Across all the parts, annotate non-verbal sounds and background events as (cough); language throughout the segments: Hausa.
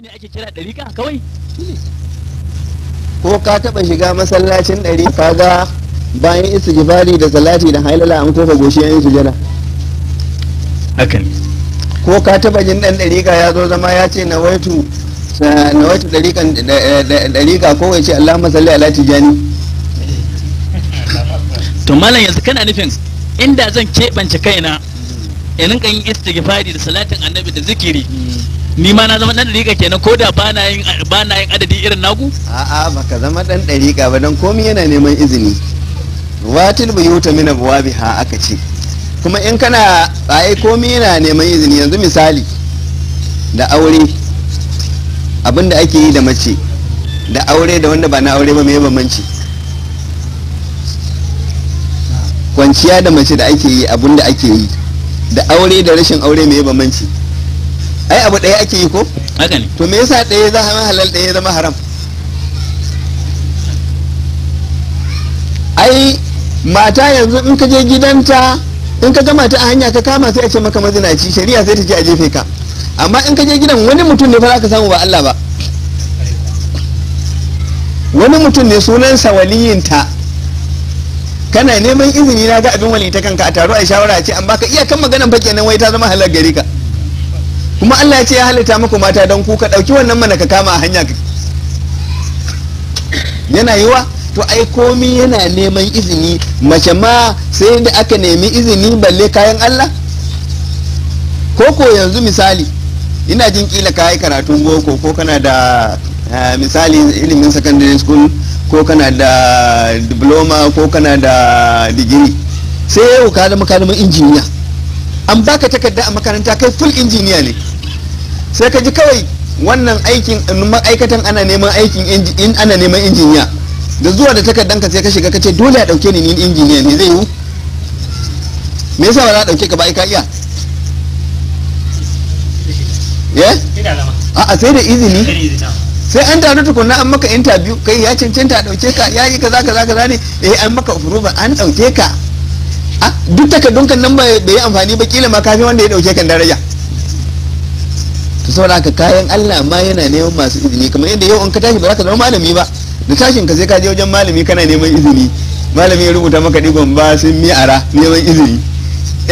ne ake kira ɗariƙa kawai ko ka taɓa shiga masallacin ɗari kaga bayan istighfari da salati da hailala an kofa goshi yayin sujada haka ne ko ka taɓa jin ɗan ɗariƙa ya zo zama ya ce na waitu na waitu ɗariƙa ko ya ce Allahumma salli ala tijani to malam yanzu kana nufin inda zan keɓance kaina in rinka yin istighfari da salatin annabi da zikiri ni ma na zama dan dariƙa kenan ko da ba na yin adadi irin naku. a'a baka zama dan dariƙa ba dan komai yana neman izini watil buyuta min abwabiha aka ce kuma in kana ai komai yana neman izini yanzu misali da aure abinda ake yi da mace da aure da wanda ba na aure ba mai bambanci kwanciya da mace da ake yi abinda ake yi da aure da rashin aure mai bambanci ai abu ɗaya ake yi ko haka ne to me yasa ɗaya za zama halal ɗaya zama haram ai mata yanzu in ka je gidanta in ka gama ta a hanya ka kama sai a ce maka mazinaci shari'a sai ta je a jefe ka amma in ka je gidan wani mutum ne fa za ka samu ba Allah ba wani mutum ne sunansa waliyinta kana neman izini na ga abin walita ta kanka a taro a shawara ce an baka iyakan maganan fa kenan wai ta zama halal gare ka kuma Allah ya ce ya halitta muku mata don ku ka ɗauki wannan mana ka kama a hanya yana yiwa to ai komi yana neman izini mace ma sai da aka nemi izini balle kayan Allah ko ko yanzu misali ina jin kila ka yi karatun boko ko kana da misali ilimin secondary school ko kana da diploma ko kana da digiri sai yau ka zama injiniya an baka takarda a makaranta kai full injiniya ne sai ka ji kawai wannan aikin ma'aikatan ana neman aikin in ana neman injiniya da zuwa da takardanka sai ka shiga ka ce dole a dauke ni ni injiniya ne zai yiwu me yasa ba za a dauke ka ba ai ka iya eh? a'a sai da izini sai an taru tukunna an maka interview kai ya cancanta a dauke ka ya yi kaza kaza kaza ne eh an maka approval an dauke ka ah, duk takardun kan nan bai yi amfani ba kila ma kafin wanda ya dauke kan daraja saboda haka kayan Allah ma yana neman masu izini kamar yadda yau in ka tashi ba za ka zama malami ba da tashin ka sai ka je wajen malami kana neman izini malami ya rubuta maka digon ba sun mi ara neman izini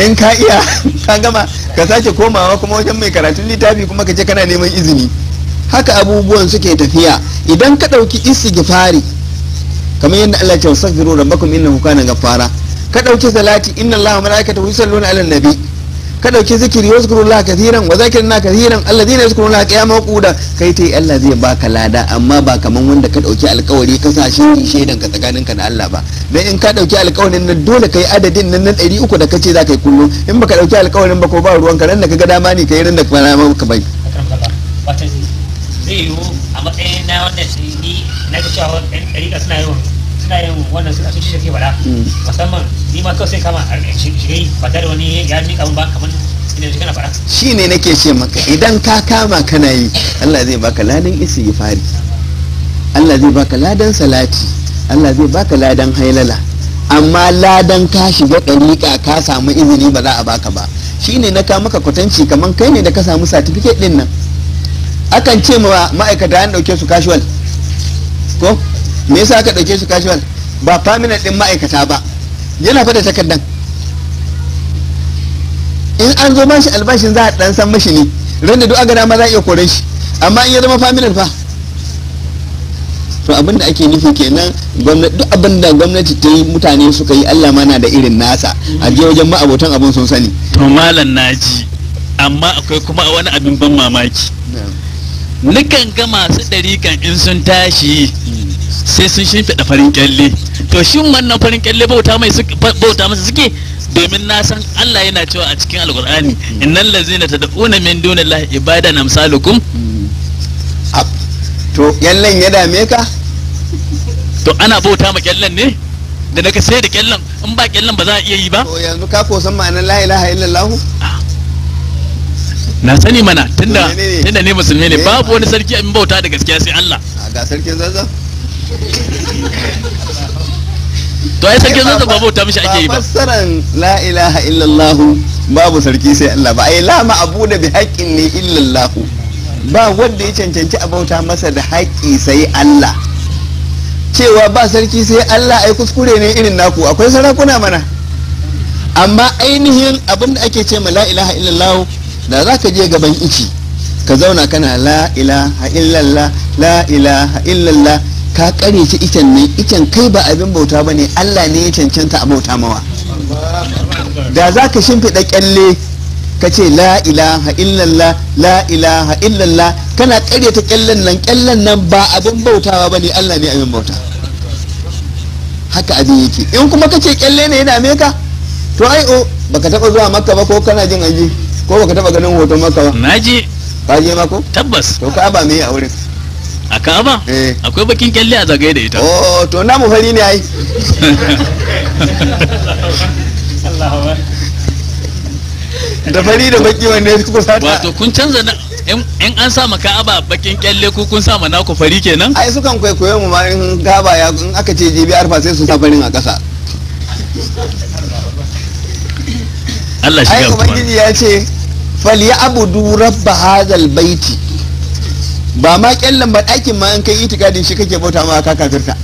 in ka iya (laughs) ka gama ka sace komawa kuma wajen mai karatun littafi kuma ka je kana neman izini haka abubuwan suke tafiya idan ka ɗauki istighfari kamar yadda Allah ya ce wasafiru rabbakum innahu kana gafara ka ɗauki salati inna Allah wa malaikatahu yusalluna 'alan nabi ka dauki zikiri wa la kathiran wa na kathiran alladhina yazkuruna qiyaman kuda kai yi Allah zai baka lada amma ba kaman wanda ka dauki alkawari ka sa shi shaidan ka tsakaninka da Allah ba dan in ka dauki alkawarin nan dole kai adadin nan na 300 da kace za ka yi kullum in baka dauki alkawarin ba ko ba ruwan ka nan da ga dama ne kai ran da fara ma ka bai zai yiwu a matsayin na wanda ni na ga suna yawan suna yawan shi ke mm. musamman ni ma kawai sai kama eh, shiga yi ba da wani ya miƙa mun ba fara. shi ne nake ce maka idan ka kama kana yi Allah zai baka ladan isi ya fari Allah zai baka ladan salati Allah zai baka ladan hailala amma ladan ka shiga ɗariƙa ka samu izini ba za a baka ba shi ne na kama ka kwatanci kamar kai ne da ka samu satifiket ɗin nan akan ce ma ma'aikata an ɗauke su casual ko me yasa aka ɗauke su casual ba permanent ɗin ma'aikata ba yana fada takardan in an zo bashi albashin za a dan san mashi ne randa duk agada ma za a iya koren shi amma in ya zama familin fa to abin da ake nufi kenan gwamnati duk abin da gwamnati ta yi mutane suka yi Allah mana da irin nasa a je wajen ma'abotan abin sun sani to malam naji amma akwai kuma wani abin ban mamaki nukan ga masu ɗarikan in sun tashi hmm. sai sun shimfiɗa farin kyalle to shin wannan farin kyalle bauta mai bauta masa suke domin na san Allah yana cewa a cikin alkur'ani innal ladzina tad'una min dunillahi ibadan amsalukum to kyallen ya dame ka to ana bauta ma kyallen ne da naka sai da kyallen in ba kyallen ba za a iya yi ba to yanzu ka ko san ma'anar la ilaha illallah na sani mana tunda tunda ne musulmi ne babu wani sarki abin bauta da gaskiya sai Allah ga sarkin zazzab to ai sarki zan ba bauta mishi ake yi ba fassaran la ilaha illallah babu sarki sai Allah ba ai la ma'budu bi haqqin ne illallah ba wanda ya cancanci a bauta masa da haƙƙi sai Allah cewa ba sarki sai Allah ai kuskure ne irin naku akwai sarakuna mana amma ainihin abin da ake ce ma la ilaha illallah da za ka je gaban iki ka zauna kana la ilaha illallah la ilaha illallah ka kare ci icen ne icen kai ba abin bauta ba ne allah ne ya cancanta a bauta mawa da za ka shimfiɗa kyalle ka ce la ilaha illallah la ilaha illallah kana karyata kyallen nan kyallen nan ba abin bautawa ba ne allah ne abin bauta haka abin yake in kuma ka ce kyalle ne yana meka to ai o oh, baka taba zuwa makka ba ko kana jin anji ko baka taba ganin hoton makka ba Na je. ka je mako tabbas to ka ba me a wurin a ka'aba eh. akwai bakin kyalle a zagaye da ita oh to na mu fari ne ai (laughs) da fari da baki wanne kuka sata wato kun canza na in an sa ka'aba bakin kyalle ko kun sa na ku fari kenan ai sukan koyo mu ma in ka'aba ya in aka ce jibi arfa sai su sa farin a ƙasa Allah shi ga ai ubangiji ya ce abudu rabb hadal baiti ba ma kyallan ba ɗakin ma in kai itikadin shi kake bauta ma ka kafirta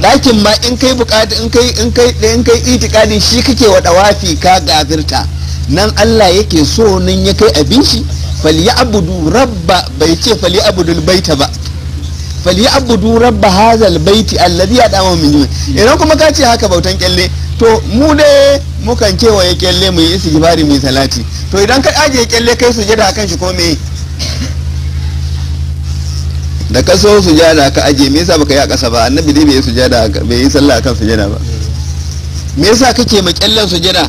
ɗakin ma in kai bukata in kai in kai in kai itikadin shi kake wada wafi ka kafirta nan Allah yake so nan ya kai abin shi falyabudu rabba bai ce falyabudul baita ba falyabudu rabba hazal baiti alladhi ya dama min idan kuma ka ce haka bautan kyalle to mu ne mukan kewaye kyalle mu yi istighfari mu yi salati to idan ka ajiye kyalle kai sujada kan shi ko me da kaso jada ka aje me yasa baka yi a ƙasa ba annabi dai bai yi sujada bai yi sallah akan sujada ba me yasa kake kyallan sujada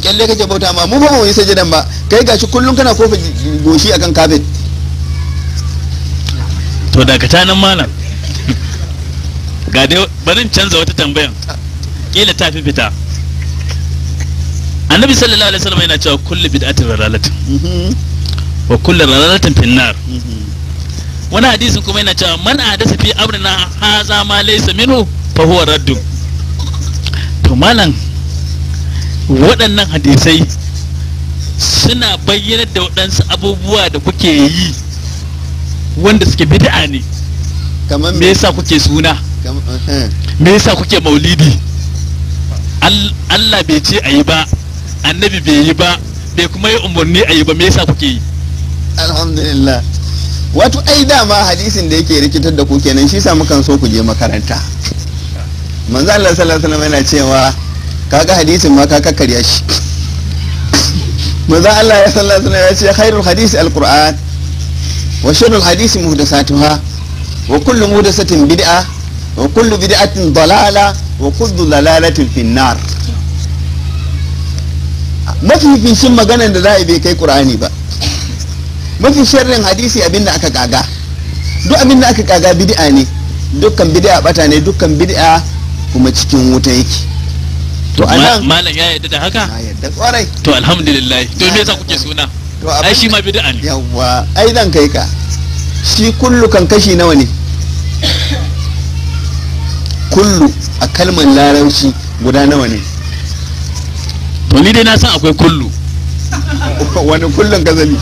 kyalle kake bauta ma mu ba mu yi sujadan ba kai gashi kullum kana kofa goshi akan kafet to da ka ta nan malam ga dai barin canza wata tambayan kila ta fi fita annabi sallallahu alaihi wasallam yana cewa kullu bid'atin dalalatin mhm. wa kullu dalalatin finnar mhm. wani hadisin kuma yana cewa man hadasa fi amrina haza ma laysa minhu fa huwa raddu to malam waɗannan hadisai suna bayyana da waɗansu abubuwa da kuke yi wanda suke bid'a ne me yasa kuke suna eh, eh. me yasa kuke maulidi Allah bai ce ayi ba annabi bai yi ba bai kuma yi umarni ayi ba me yasa kuke yi alhamdulillah wato ai dama hadisin da yake rikitar da ku kenan shi sa mukan so ku je makaranta manzo Allah sallallahu alaihi yana cewa kaga hadisin ma ka kakkarya shi manzo Allah ya sallallahu alaihi ya ce khairul hadisi alquran wa sharrul hadisi muhdathatuha wa kullu muhdathatin bid'a wa kullu bid'atin dalala wa kullu dalalatin finnar shin maganar da za a bai kai qur'ani ba mafi sharrin hadisi abinda aka kaga duk abinda aka kaga bid'a ne dukkan bid'a bata ne dukkan bid'a kuma cikin wuta yake to anan malam ya yadda da haka ya yadda kwarai to alhamdulillah to me yasa kuke suna ai shi ma bid'a ne yawa ai zan kai ka shi kullu kan kashi nawa ne kullu a kalmar larauci guda nawa ne to ni dai na san akwai kullu (laughs) wani kullun gazali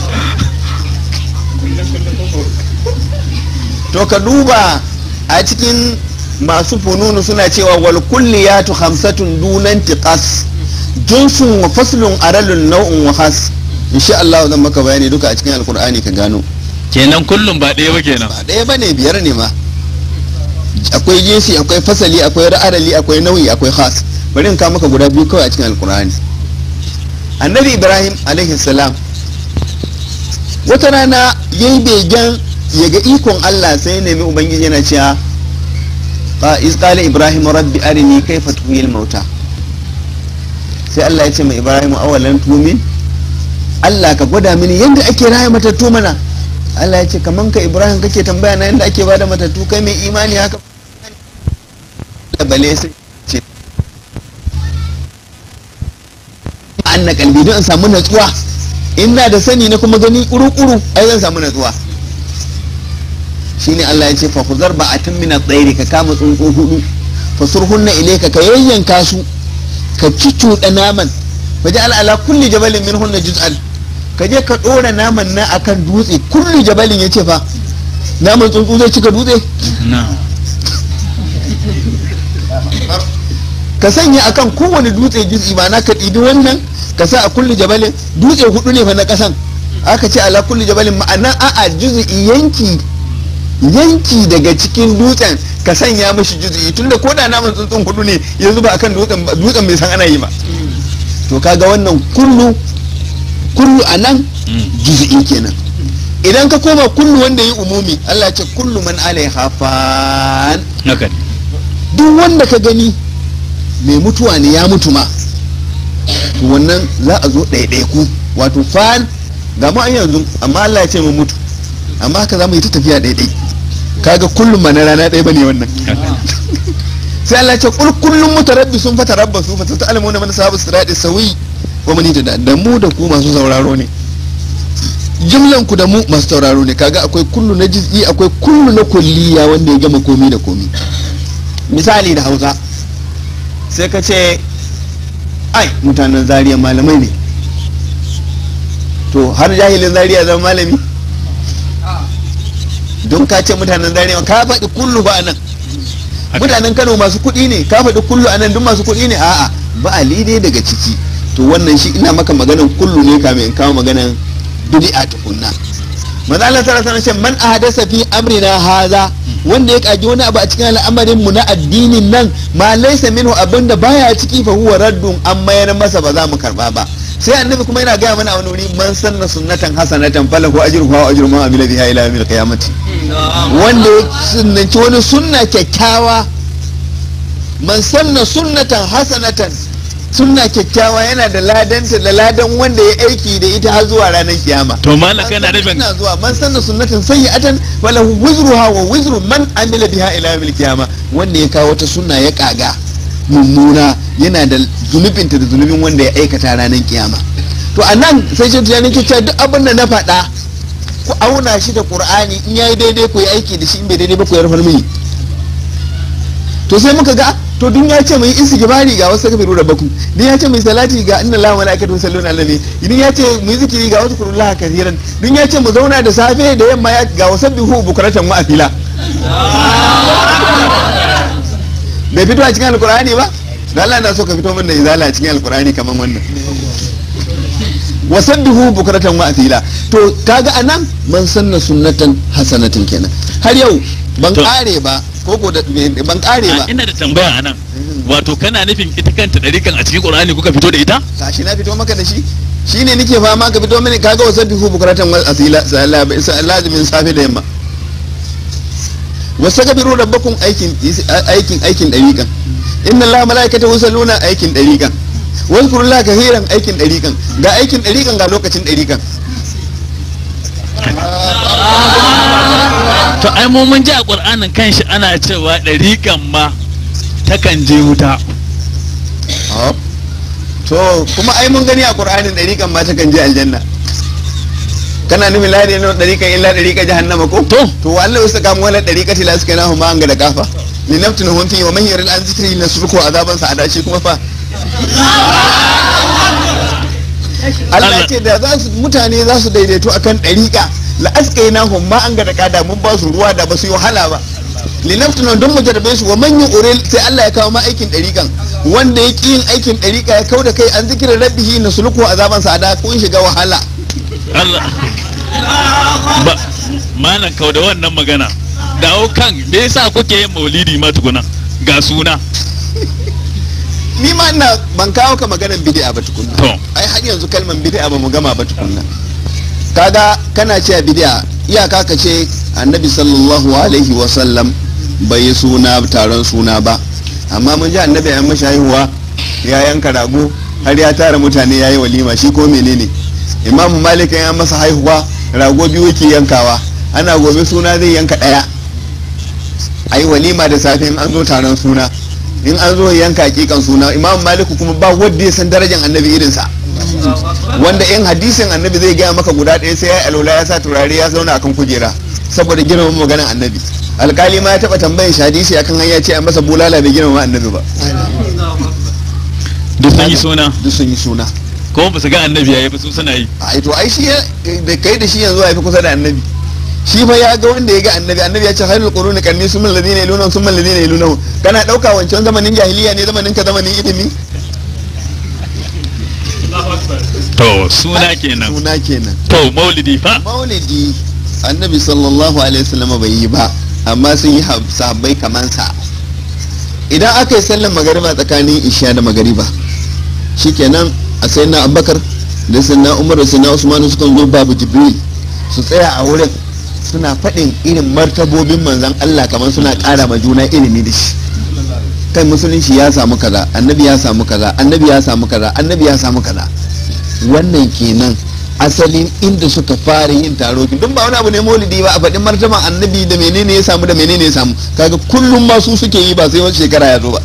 to ka duba a cikin masu fununu suna cewa wal tu hamsatun dunan tiqas jinsun wa faslun aralun nau'un wa has insha Allah zan maka bayani duka a cikin alkur'ani ka gano kenan kullum ba ɗaya ba kenan ba ɗaya ba ne biyar ne ma akwai jinsi akwai fasali akwai ra'arali akwai nau'i akwai khas bari in ka maka guda biyu kawai a cikin alkur'ani annabi ibrahim alaihi salam wata rana yayi begen ya ga ikon Allah sai ya nemi ubangiji yana cewa isqala ibrahim rabbi arini kaifa tuhil mauta sai Allah ya ce mai ibrahim awalan tumin Allah ka gwada mini yadda ake raya matattu mana Allah ya ce kaman ka ibrahim kake tambaya na yadda ake bada matattu kai mai imani haka da bale sai ce an na kalbi don samu natsuwa ina da sani na kuma gani kuru-kuru ai zan samu natsuwa shine Allah ya ce fa kuzar ba atin min tsairi ka kama tsuntsu hudu fa surhunna ilayka ka yayyanka su ka cucuɗa naman fa ja'al ala kulli jabalin minhunna juz'an ka je ka dora naman na akan dutse kulli jabalin yace fa naman tsuntsu zai cika dutse ka sanya akan kowane dutse jizi ba na ka ɗibi wannan ka sa a kulli jabalin dutse hudu ne fa na ƙasan aka ce ala kulli jabalin ma'ana a'a juz'i yanki yanki daga cikin dutsen ka sanya mashi juzu'i tunda ko da naman tsuntsun hudu ne ya zuba akan dutsen dutsen bai san ana yi ma. to kaga wannan kullu kullu a nan juzu'i kenan idan ka koma kullu wanda yi umumi Allah ce kullu man alaiha fan duk wanda ka gani mai mutuwa ne ya mutu ma wannan za a zo ɗaiɗaiku wato fan ga mu an yanzu amma Allah ya ce mu mutu amma haka za mu yi ta tafiya ɗaiɗai kaga kullum ma na rana ɗaya ba ne wannan sai Allah ya ce kul kullum ta fatarabbasu fatatalamuna man sahabu sirati sawi wa man ta da mu da ku masu sauraro ne jumlan ku da mu masu sauraro ne kaga akwai kullu na jiz'i akwai kullu na kulliya wanda ya gama komi da komi misali da Hausa sai ka ce ai mutanen zariya malamai ne to har jahilin zariya zama malami don ka ce mutanen zarewa ka faɗi kullu ba nan mutanen kano masu kuɗi ne ka faɗi kullu a nan duk masu kuɗi ne a'a ba ali ne daga ciki to wannan shi ina maka maganan kullu ne kamin in kawo maganan a tukunna maza Allah ta rasana ce man ahadasa fi amrina haza wanda ya kaji wani abu a cikin al'amarin mu na addinin nan ma laisa minhu abinda baya ciki fa huwa raddun an mayar masa ba za mu karba ba sai annabi kuma yana gaya mana a wani wuri man sanna sunnatan hasanatan falahu ajruha wa ajru man amila biha ila yawmil qiyamati wanda ya sunanci wani sunna kyakkyawa man sanna sunnatan hasanatan sunna kyakkyawa yana da ladanta da ladan wanda ya aiki da ita har zuwa ranar kiyama to malaka yana da ban zuwa man sanna sunnatan sayyi'atan wala wizruha wa wizru man amila biha ila yawmil kiyama wanda ya kawo ta sunna ya kaga mummuna yana da zunubinta da zunubin wanda ya aikata ranar kiyama to anan sai shi tunanin kyakkyawa duk abin da na faɗa ku auna shi da qur'ani in yayi daidai ku yi aiki da shi in bai daidai ba ku rufar mini to sai muka ga to dun ya ce mai istighfari ga wasu kafiru baku. dun ya ce mai salati ga inna lillahi wa malaikatu yusalluna ala nabi dun ya ce mu zikiri ga wasu laha kathiran dun ya ce mu zauna da safe da yamma ya ga wasu bihu bukuratan wa afila bai fito a cikin alkur'ani ba da Allah na so ka fito min da izala a cikin alkur'ani kamar wannan wa sadduhu bukratan wa asila to kaga anan man sanna sunnatan hasanatin kenan har yau ban kare ba koko da ban kare ba ina da tambaya anan wato kana nufin ita kanta dariƙan a cikin qur'ani kuka fito da ita tashi na fito maka da shi shine nake fama ka fito mini kaga wa sadduhu bukratan wa asila lazimin safe da yamma wasu gabiru rabbakum aikin aikin aikin dariƙan inna allaha malaikatahu yusalluna aikin dariƙan ka kahiran aikin ɗarikan ga aikin ɗarikan ga lokacin ɗarikan. to ai mu mun ji a ƙur'anin kanshi ana cewa ɗarikan ma takan je wuta to kuma ai mun gani a ƙur'anin ɗarikan ma takan je aljanna kana nufin lahadi na ɗarikan illa ɗariƙan jahannama ko to to wallahi wasu kamun wala ɗariƙati la na nahu ma an ga da kafa linaftin hun fi wa man yaril na zikri nasruku azaban sa kuma fa Allah ce da mutane za su daidaito akan ɗariƙa la'askai na hun ma an ga da mun ba su ruwa da ba su yi wahala ba linaftunan don mu jarbe su wa manyan urel sai Allah ya kawo ma aikin ɗariƙan wanda ya ƙi yin aikin ɗariƙa ya kau da kai an zikirin rabbihi na suluku azaban sada kun shiga wahala ba mana kau da wannan magana dawo kan me yasa kuke yin maulidi ma tukuna ga suna ni ma ina ban kawo ka maganar bid'a ba tukunna ai har yanzu kalman bid'a ba mu gama ba tukunna kaga kana cewa bid'a iyaka ka ce annabi sallallahu alaihi wa sallam bai yi suna taron suna ba amma mun ji annabi ya mashi haihuwa ya yanka rago har ya tara mutane ya yi walima shi ko menene imamu malik ya masa haihuwa rago biyu yake yankawa ana gobe suna zai yanka ɗaya a walima da safe an zo taron suna in an zo yanka hakikan suna imam maliku kuma ba wanda ya san darajar annabi irinsa wanda in hadisin annabi zai gaya maka guda ɗaya sai ya alola ya sa turare ya zauna akan kujera saboda girman maganar annabi alkali ma ya taɓa tambayin shi hadisi akan hanya ce a masa bulala bai girmama annabi ba duk sun yi suna duk sun yi suna ko ba su ga annabi yayi ba su sana yi a to ai shi da kai da shi yanzu ai fi kusa da annabi shi fa ya ga wanda ya ga annabi annabi ya ce khairul quruni qarni summa alladhina yaluna summa alladhina yaluna kana dauka wancan zamanin jahiliya ne zamanin ka zamanin ilimi to suna kenan suna kenan to maulidi fa maulidi annabi sallallahu alaihi wasallam bai yi ba amma sun yi sahabbai kaman sa idan aka yi sallar magariba tsakanin isha da magariba shikenan a sayyidina abubakar da sayyidina umar da sayyidina usman sukan zo babu jibril su tsaya a wurin suna faɗin irin martabobin manzan Allah kamar suna ƙara ma juna ilimi da shi kai musulunci ya samu kaza annabi ya samu kaza annabi ya samu kaza annabi ya samu kaza wannan kenan asalin inda suka fara yin taro duk ba wani abu ne maulidi ba a faɗin martaba annabi da menene ya samu da menene ya samu kaga kullum ma su suke yi ba sai wani shekara ya zo ba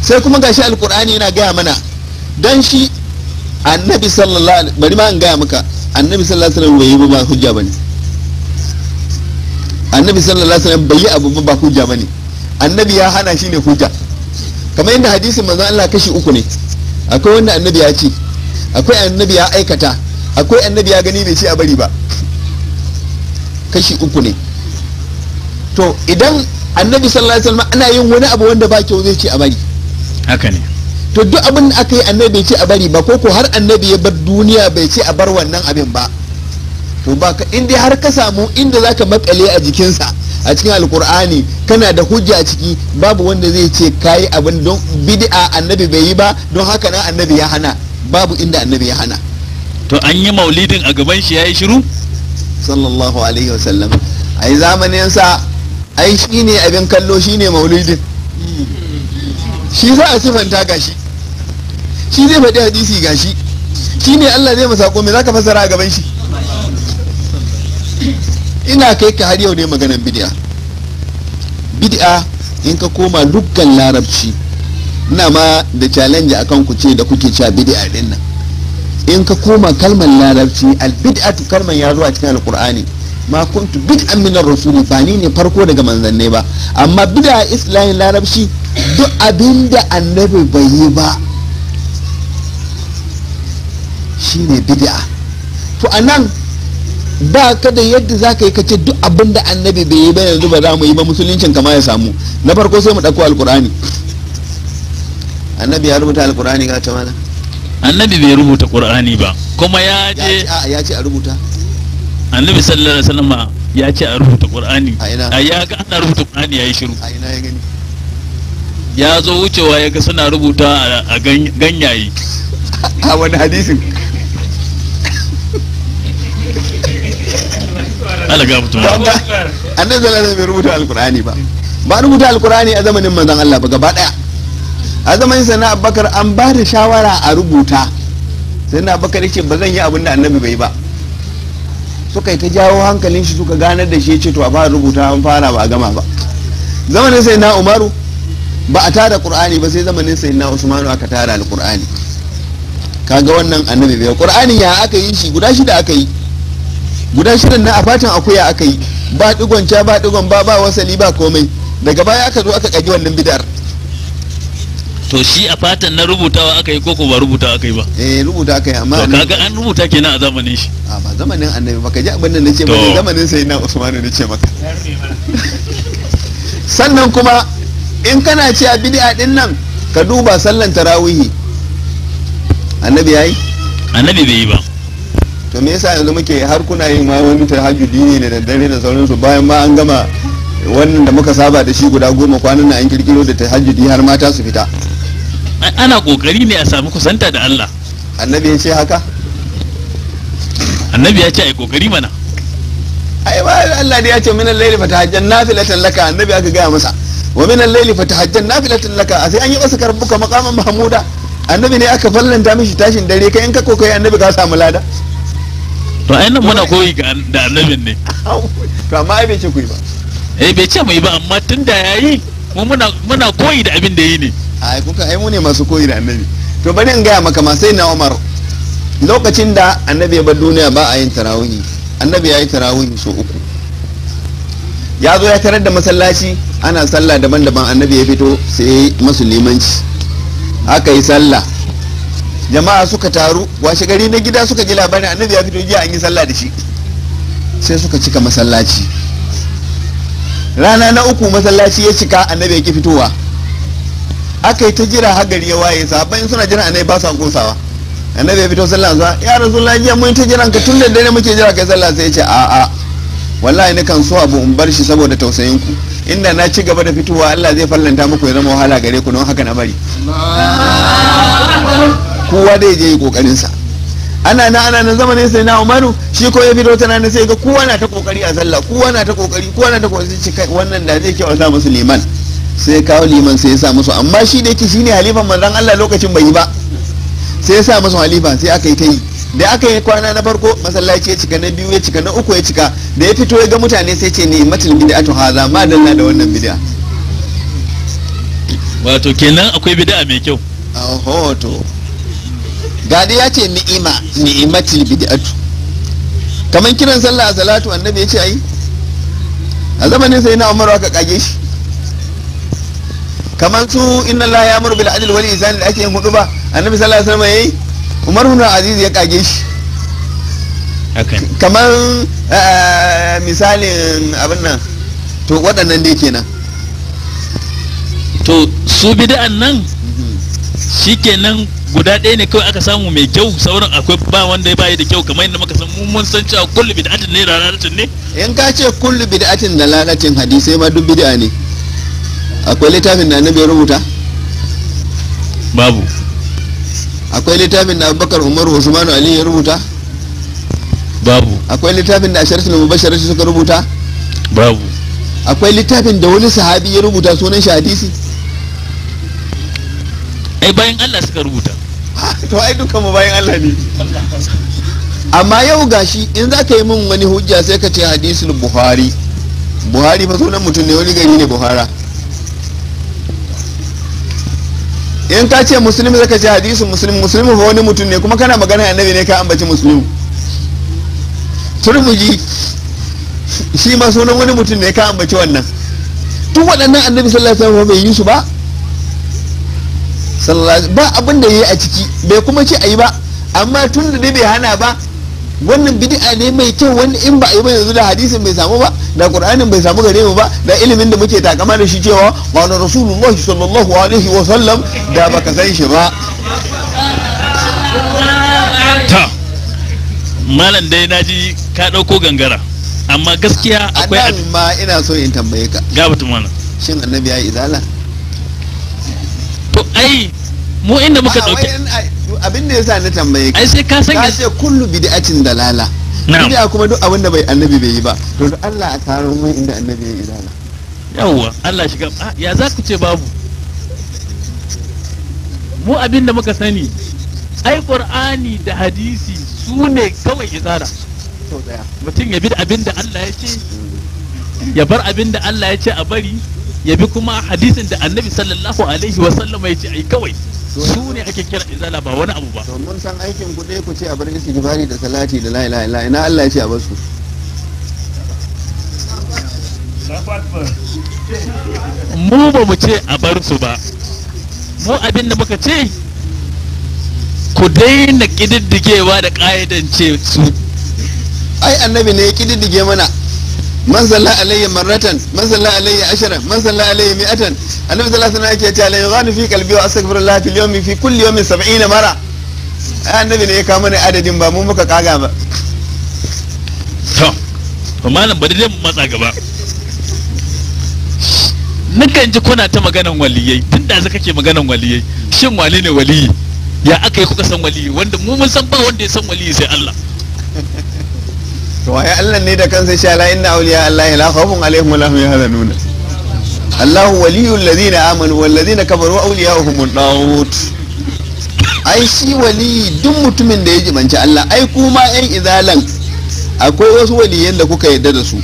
sai kuma gashi alkur'ani yana gaya mana dan shi annabi sallallahu alaihi bari ma in gaya maka annabi sallallahu alaihi wasallam bai yi ba hujja bane annabi sallallahu alaihi wasallam bai yi abu ba hujja bane annabi ya hana shi ne hujja kamar yadda hadisin manzo Allah kashi uku ne akwai wanda annabi ya ce akwai annabi ya aikata akwai annabi ya gani bai ce a bari ba kashi uku ne to idan annabi sallallahu alaihi wasallam ana yin wani abu wanda ba kyau zai ce a bari haka ne to duk abin da aka yi annabi bai ce a bari ba ko ko har annabi ya bar duniya bai ce a bar wannan abin ba to ba ka inda har ka samu inda zaka makale a jikinsa a cikin alkur'ani kana da hujja a ciki babu wanda zai ce kayi abin don bid'a annabi bai yi ba don haka nan annabi ya hana babu inda annabi ya hana to an yi maulidin a gaban shi yayi shiru sallallahu alaihi wasallam ai zamanin sa ai shine abin kallo shine maulidin shi za a sifanta gashi shi zai faɗi hadisi gashi ne Allah zai masa komai zaka fassara a gaban shi ina kai ka har yau ne maganan bid'a bid'a in ka koma luggan larabci ina ma da challenge akan ku ce da kuke cewa bid'a din nan in ka koma kalmar larabci al bid'atu kalmar ya zuwa a cikin alqur'ani ma kuntu bid'an min ar-rusul ba ni ne farko daga manzanne ba amma bid'a islamin larabci duk abinda annabi bai yi ba shine bid'a to anan ba ka da yadda za ka yi kace duk abin da annabi bai yi ba yanzu ba za mu yi ba musuluncin kama ya samu na farko sai mu ɗauko alkur'ani annabi ya rubuta alkur'ani ga tamala annabi bai rubuta qur'ani ba kuma ya je ya ce a rubuta annabi sallallahu alaihi wasallam ya ce a rubuta qur'ani a ya ga ana rubuta qur'ani yayi shiru a ina ya gani ya zo wucewa ya ga suna rubuta a ganyaye (laughs) a wani hadisin Allah ga mutum annabi sallallahu alaihi bai rubuta alqur'ani ba ba rubuta alqur'ani a zamanin manzon Allah ba gaba daya a zamanin sana abubakar an ba da shawara a rubuta sai na abubakar yace ba zan yi abin da annabi bai ba suka yi ta jawo hankalin shi suka ganar da shi ya ce to a fara rubuta an fara ba a gama ba zamanin sai na umaru ba a tara qur'ani ba sai zamanin sai na usmanu aka tara alqur'ani kaga wannan annabi bai qur'ani ya aka yi shi guda shida aka yi guda shirin na a fatan akuya aka yi ba digon ca ba digon ba ba wasali ba komai daga baya aka zo aka kagi wannan bid'ar to shi a fatan na rubutawa aka yi koko ba rubuta aka yi ba eh rubuta aka yi amma to kaga an rubuta kenan a zamanin shi a ba zamanin annabi baka ji abin da nace ba zamanin sai na Usmanu nace maka (laughs) sannan kuma in kana ce a bid'a din nan ka duba sallan tarawihi annabi yayi annabi bai yi ba to me yasa yanzu muke har kuna yin ma wani tahajjudi ne da daddare da sauransu bayan ma an gama wannan da muka saba da shi guda goma kwanan na an kirkiro da tahajjudi har mata su fita ana kokari ne a sami kusanta da Allah annabi ya ce haka annabi ya ce ai kokari mana ai ba Allah ne ya ce minan laili fa tahajjan nafilatan laka annabi aka gaya masa wa minan laili fa tahajjan nafilatan laka a sai an yi masa karbuka maqaman mahmuda annabi ne aka fallanta mishi tashin dare kai in ka kokari annabi ka samu lada to ai nan muna koyi da annabin ne to amma ai bai ce ku yi ba eh bai ce mu yi ba amma tun da yayi mu muna muna koyi da abin da yi ne ai kuka ai mu ne masu koyi da annabi to bari in gaya maka ma sai na Umar lokacin da annabi ya bar duniya ba a yin tarawihi annabi ya yi tarawihi so uku ya zo ya tarar da masallaci ana sallah daban-daban annabi ya fito sai masu limanci aka yi sallah jama'a suka taru washe gari na gida suka ji labarin annabi ya fito jiya an yi sallah da shi sai suka cika masallaci rana na uku masallaci ya cika annabi ki fitowa aka yi ta jira har gari ya waye sahabban in suna jiran annabi ba su kosawa annabi ya fito sallah sa ya rasulullahi jiya mun ta jiran ka tun da dare muke jira kai sallah sai ya ce a a wallahi ni kan so abu in bar shi saboda tausayin ku inda na ci gaba da fitowa Allah zai fallanta muku ya zama wahala gare ku don haka na bari kowa ya je yi kokarin sa ana na ana nan zamanin sai na umaru shi ko ya fito tana na sai ga kowa na ta kokari a sallah kowa na ta kokari kowa na ta kokari shi wannan da zai kyau sa musu liman sai kawo liman sai ya sa musu amma shi da yake shine halifan manzon Allah lokacin bai yi ba sai ya sa musu halifa sai aka yi ta yi da aka yi kwana na farko masallaci ya cika na biyu ya cika na uku ya cika da ya fito ya ga mutane sai ce ne matul bid'atu haza ma dalla da wannan bid'a wato kenan akwai bid'a mai kyau A hoto. Gadi ya ce ni'ima ni'imatil bid'atu kamar kiran sallah salatu annabi ya ce ayi a zamanin sai na umaru aka kage shi kamar su inna la ya muru bil adl wal ihsan da ake yin hudu ba annabi sallallahu alaihi wasallam yayi umar ibn aziz ya kage shi kamar eh, eh, misalin abin nan to waɗannan dai kenan to su bid'an nan mhm. shikenan guda ɗaya ne kawai aka samu mai kyau sauran akwai ba wanda ya bayi da kyau kamar yadda muka san mu mun san cewa kullu bid'atin ne lalatin ne in ka ce kullu bid'atin da lalatin hadisai ma duk bid'a ne akwai littafin da annabi ya rubuta babu akwai littafin da abubakar umaru usmanu ali ya rubuta babu akwai littafin da asharatul mubasharati suka rubuta babu akwai littafin da wani sahabi ya rubuta sunan shi hadisi ai bayan Allah suka rubuta (laughs) to ai dukkan mu bayan Allah ne amma yau gashi in za ka yi min wani hujja sai ka ce hadisul buhari buhari ba sunan mutum ne wani gari ne buhara in ka ce musulmi zaka ce hadisin musulmi musulmi ba wani mutum ne kuma kana magana annabi ne ka ambaci musulmi turmuji shi ma sunan wani mutum ne ka ambaci wannan tun waɗannan annabi sallallahu alaihi wasallam bai yi su ba ba abin da ya yi a ciki bai kuma ce a yi ba amma tun da bai hana ba wannan bid'a ne mai kyau wani in ba a yi ba yanzu da hadisin bai samu ba da qur'anin bai samu gare mu ba da ilimin da muke takama da shi cewa wa na rasulullahi sallallahu alaihi wa sallam da baka san shi ba ta malam dai naji ka dauko gangara amma gaskiya akwai ma ina so in tambaye ka gabatu malam shin annabi ya yi izala ai mu inda muka ah, dauke abin da yasa na tambaye ka ai sai ka san ka ce kullu bid'atin dalala bid'a kuma duk abin da bai annabi bai yi ba to Allah a taro mu inda annabi ya idana yawwa Allah shiga ah, ya za ku ce babu mu abin da muka sani ai qur'ani da hadisi su ne kawai tsara. mutum ya bi abin da Allah ya ce ya bar abin da Allah ya ce a bari ya bi kuma hadisin da annabi sallallahu alaihi wa sallama ya ce ai kawai su ne ake kira izala ba wani abu ba to mun san aikin ku ku ce a bar Jibari da salati da la ilaha illa ina Allah ya ce a bar su mu ba mu ce a bar su ba mu abin da muka ce ku daina kididdigewa da ƙa'idance su ai annabi ne ya kididdige mana man salla alayya Maratan, man salla alayya ashara man salla alayya mi'atan annabi sallallahu alaihi wasallam yake cewa la yughanu fi qalbi wa astaghfirullah fil yawmi fi kulli yawmin 70 mara annabi ne ya kawo mana adadin ba mu muka kaga ba to to malam ba dai mu matsa gaba kan ji kuna ta maganan waliyai tun da kake maganan waliyai shin wali ne waliyi ya aka yi kuka san waliyi wanda mu mun san ba wanda ya san waliyi sai Allah (laughs) to Allah ne da kansa sha la inna awliya Allah la khawfun alaihim wa lahum yahzanun Allah waliyul ladina amanu wal ladina kafaru awliya'uhum dawut ai shi wali duk mutumin da ya jibanci Allah ai kuma yan izalan akwai wasu waliyan da kuka yadda da su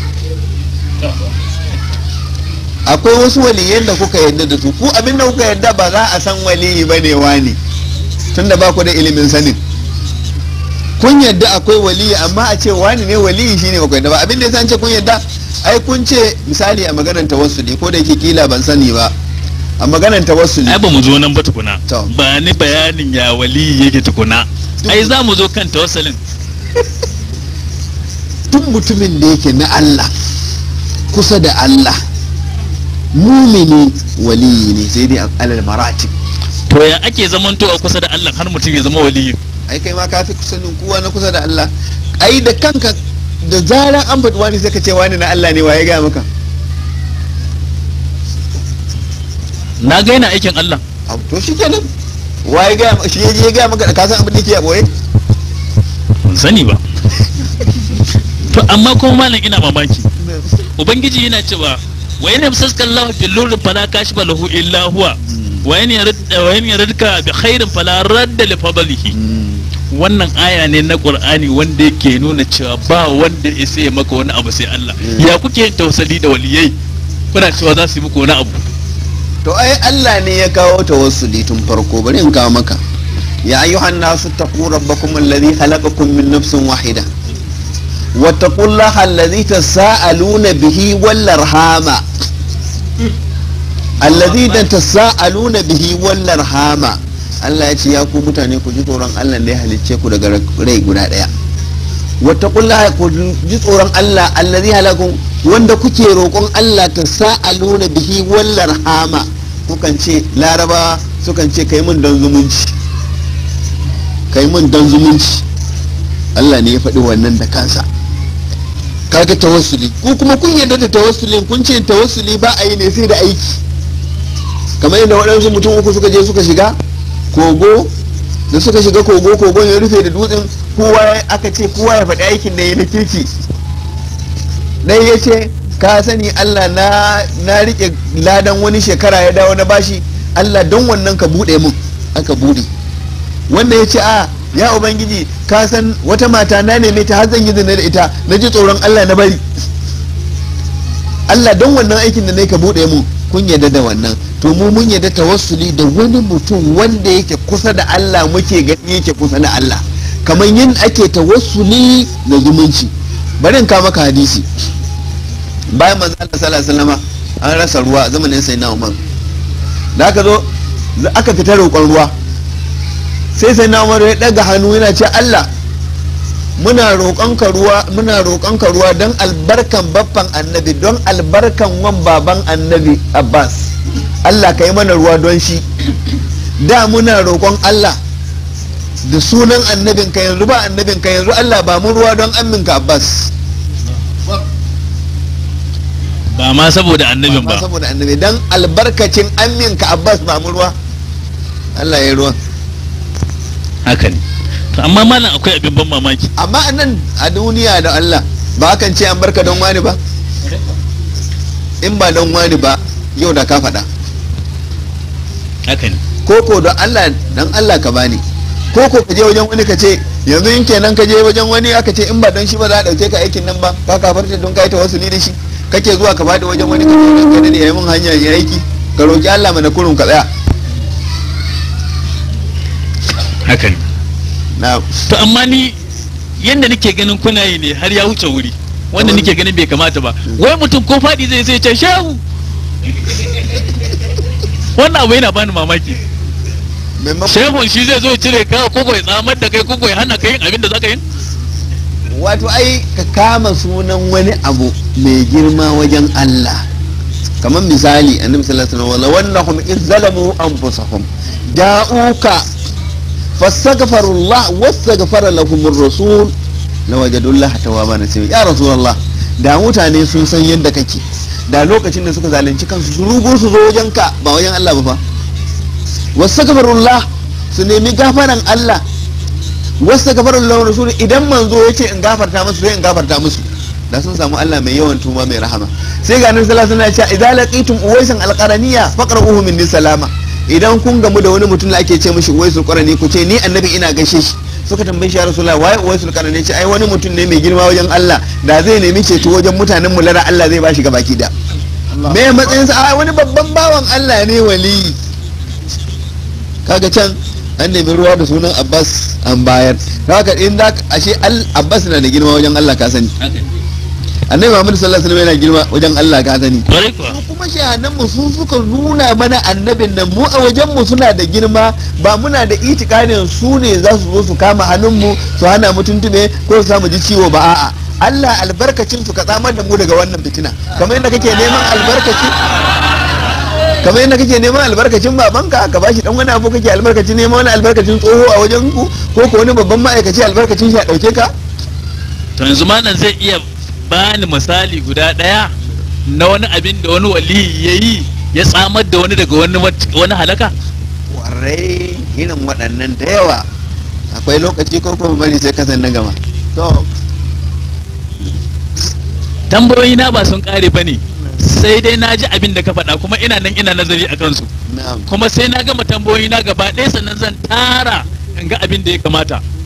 akwai wasu waliyan da kuka yadda da su ku abin da kuka yadda ba za a san waliyi bane wani tunda ba ku da ilimin sanin kun yadda akwai waliyi amma a ce wani ne waliyi shine ba ku ba abin da yasa ce kun yadda ai kun ce misali a maganar tawassuli ko da yake kila ban sani ba a maganar ne. ai ba mu zo nan ba tukuna ba ni bayanin ya waliyi yake tukuna ai za mu zo kan tawassulin Tun mutumin da yake na Allah kusa da Allah mumini waliyi ne sai dai alal maratib to ya ake zamanto a kusa da Allah har mutum ya zama waliyi ai kai ma ka fi sanin kowa na kusa da Allah ai da kanka da zaran an faɗi wani sai ka ce wani na Allah ne waye ga maka na ga yana aikin Allah to shi kenan waye ga shi ya ga maka da ka san abin da yake a boye ban sani ba to amma kuma malam ina mamaki ubangiji yana cewa wa yana musaskan lawa fil lurri fala kashifa lahu illa huwa wa yana yarda wa bi khairin fala radda li fadlihi hmm. wannan aya ne na qur'ani wanda yake nuna cewa ba wanda ya sai maka wani abu sai Allah hmm. ya kuke yin tausali da waliyai kuna cewa za su yi muku wani abu to ai Allah ne ya kawo tawassuli tun farko bari in kawo maka ya ayyuhan nasu taqu rabbakum alladhi khalaqakum min nafsin wahida واتقوا الله الذي تساءلون به والارحام الذين bihi به والارحام Allah ya ce ya ku mutane ku ji tsoron Allah da ya halicce ku daga rai guda ɗaya wata ya ku ji tsoron Allah allazi halakun wanda kuke roƙon Allah ta sa'aluna bihi wallar hama kukan ce laraba sukan ce kai mun dan zumunci kai mun dan zumunci Allah ne ya faɗi wannan da kansa kaga tawassuli ko kuma kun yarda da tawassulin kun ce tawassuli ba a yi ne sai da aiki kamar yadda waɗansu mutum uku suka je suka shiga kogo da suka shiga kogo kogon ya rufe da dutsen kowa aka ce kowa ya faɗi aikin da ya na kirki ɗaya ya ce ka sani allah na riƙe ladan wani shekara ya dawo na bashi allah don wannan ka buɗe mun aka buɗe wanda ya ce a ya ubangiji ka san wata mata na neme ta har zan yi zina da ita na ji tsoron allah na bari (laughs) allah don wannan aikin da ne ka buɗe mun kun yadda da wannan to mu mun yadda tawassuli da wani mutum wanda yake kusa da Allah muke gani yake kusa da Allah kamar yin ake tawassuli da zumunci bari in ka maka hadisi bayan manzo Allah sallallahu alaihi wasallama an rasa ruwa a zamanin sayyidina Umar da aka zo aka fita roƙon ruwa sai sayyidina Umar ya daga hannu yana ce Allah muna roƙon ka ruwa don albarkan baffan annabi don albarkan wan baban annabi abbas allah ka yi mana ruwa don shi da muna roƙon allah da sunan annabin ka yanzu ba annabin ka yanzu allah ba mu ruwa don ka abbas ba ma saboda annabin ba saboda annabi don albarkacin ka abbas ba mu ruwa allah ya yi ruwan haka ne amma malam akwai abin ban mamaki amma nan a duniya da Allah ba kan ce an barka don wani ba in ba don wani ba yau da ka faɗa haka ko koko don Allah don Allah ka bani koko ka je wajen wani ka ce yanzu in kenan ka je wajen wani aka ce in ba don shi ba za a dauke ka aikin nan ba ka kafarta don ka yi ni da shi kake zuwa ka bada wajen wani ka ce don ya yi yayin hanya ya aiki ka roki Allah mana kurun ka tsaya hakan to amma ni yadda nake ganin kuna yi ne har ya wuce wuri wanda nake ganin bai kamata ba mm. wai mutum ko faɗi zai sai ce shehu wannan abu yana bani mamaki shehun shi zai zo cire ka ko ya tsamar da kai ko ya hana ka yin abin da zaka yi wato ai ka kama sunan wani abu mai girma wajen Allah kamar misali annabi sallallahu alaihi wasallam wala iz izzalamu anfusahum da'uka fastaghfirullah wastaghfara lahumur rasul lawajadullah tawwaban rahim ya rasulullah da mutane sun san yadda kake da lokacin da suka zalunci kansu su rugo su zo wajen ka ba wajen Allah ba fa wastaghfirullah su nemi gafaran Allah wastaghfirullah rasul idan manzo yace in gafarta musu sai in gafarta musu da sun samu Allah mai yawan tuma mai rahama sai ga nan sallallahu alaihi wasallam ya ce idza laqitum uwaisan alqaraniya faqra'uhu min salama idan kun gamu da wani mutum da ake ce wai waisul ƙwarani ku ce ni annabi ina gaishe shi suka tambayi shi rasulullah wai waisul ƙwarani ce ai wani mutum ne mai girma wajen Allah da zai nemi ceto wajen mutanen mu lara Allah zai bashi gabaki da me matsayin sa ai wani babban bawan Allah ne wali kaga can an nemi ruwa da sunan Abbas an bayar kaga in da ashe Abbas na da girma wajen Allah ka sani annabi muhammadu sallallahu alaihi wasallam yana girma wajen Allah ka sani kuma shahanan mu sun suka nuna mana annabin nan mu a wajen mu suna da girma ba muna da itikadin su ne za su zo su kama hannun mu su hana mu tuntube ko su samu ji ciwo ba a'a Allah albarkacin su ka tsamar da mu daga wannan fitina kamar yadda kake neman albarkaci kamar yadda kake neman albarkacin babanka ka bashi dan wani abu kake albarkacin neman wani albarkacin tsoho a wajen ku ko ko wani babban ma'aikaci albarkacin shi a dauke ka to yanzu nan zai iya bani misali guda ɗaya na wani abin da wani wali ya yi ya tsamar da wani daga wani halaka warai irin waɗannan da yawa akwai lokaci ko kuma bari sai ka na gama to tambayoyi na ba sun kare ba ne sai dai na ji abin da ka faɗa kuma ina nan ina nazari a kansu kuma sai na gama tambayoyi na gaba ɗaya sannan zan tara in ga abin da ya kamata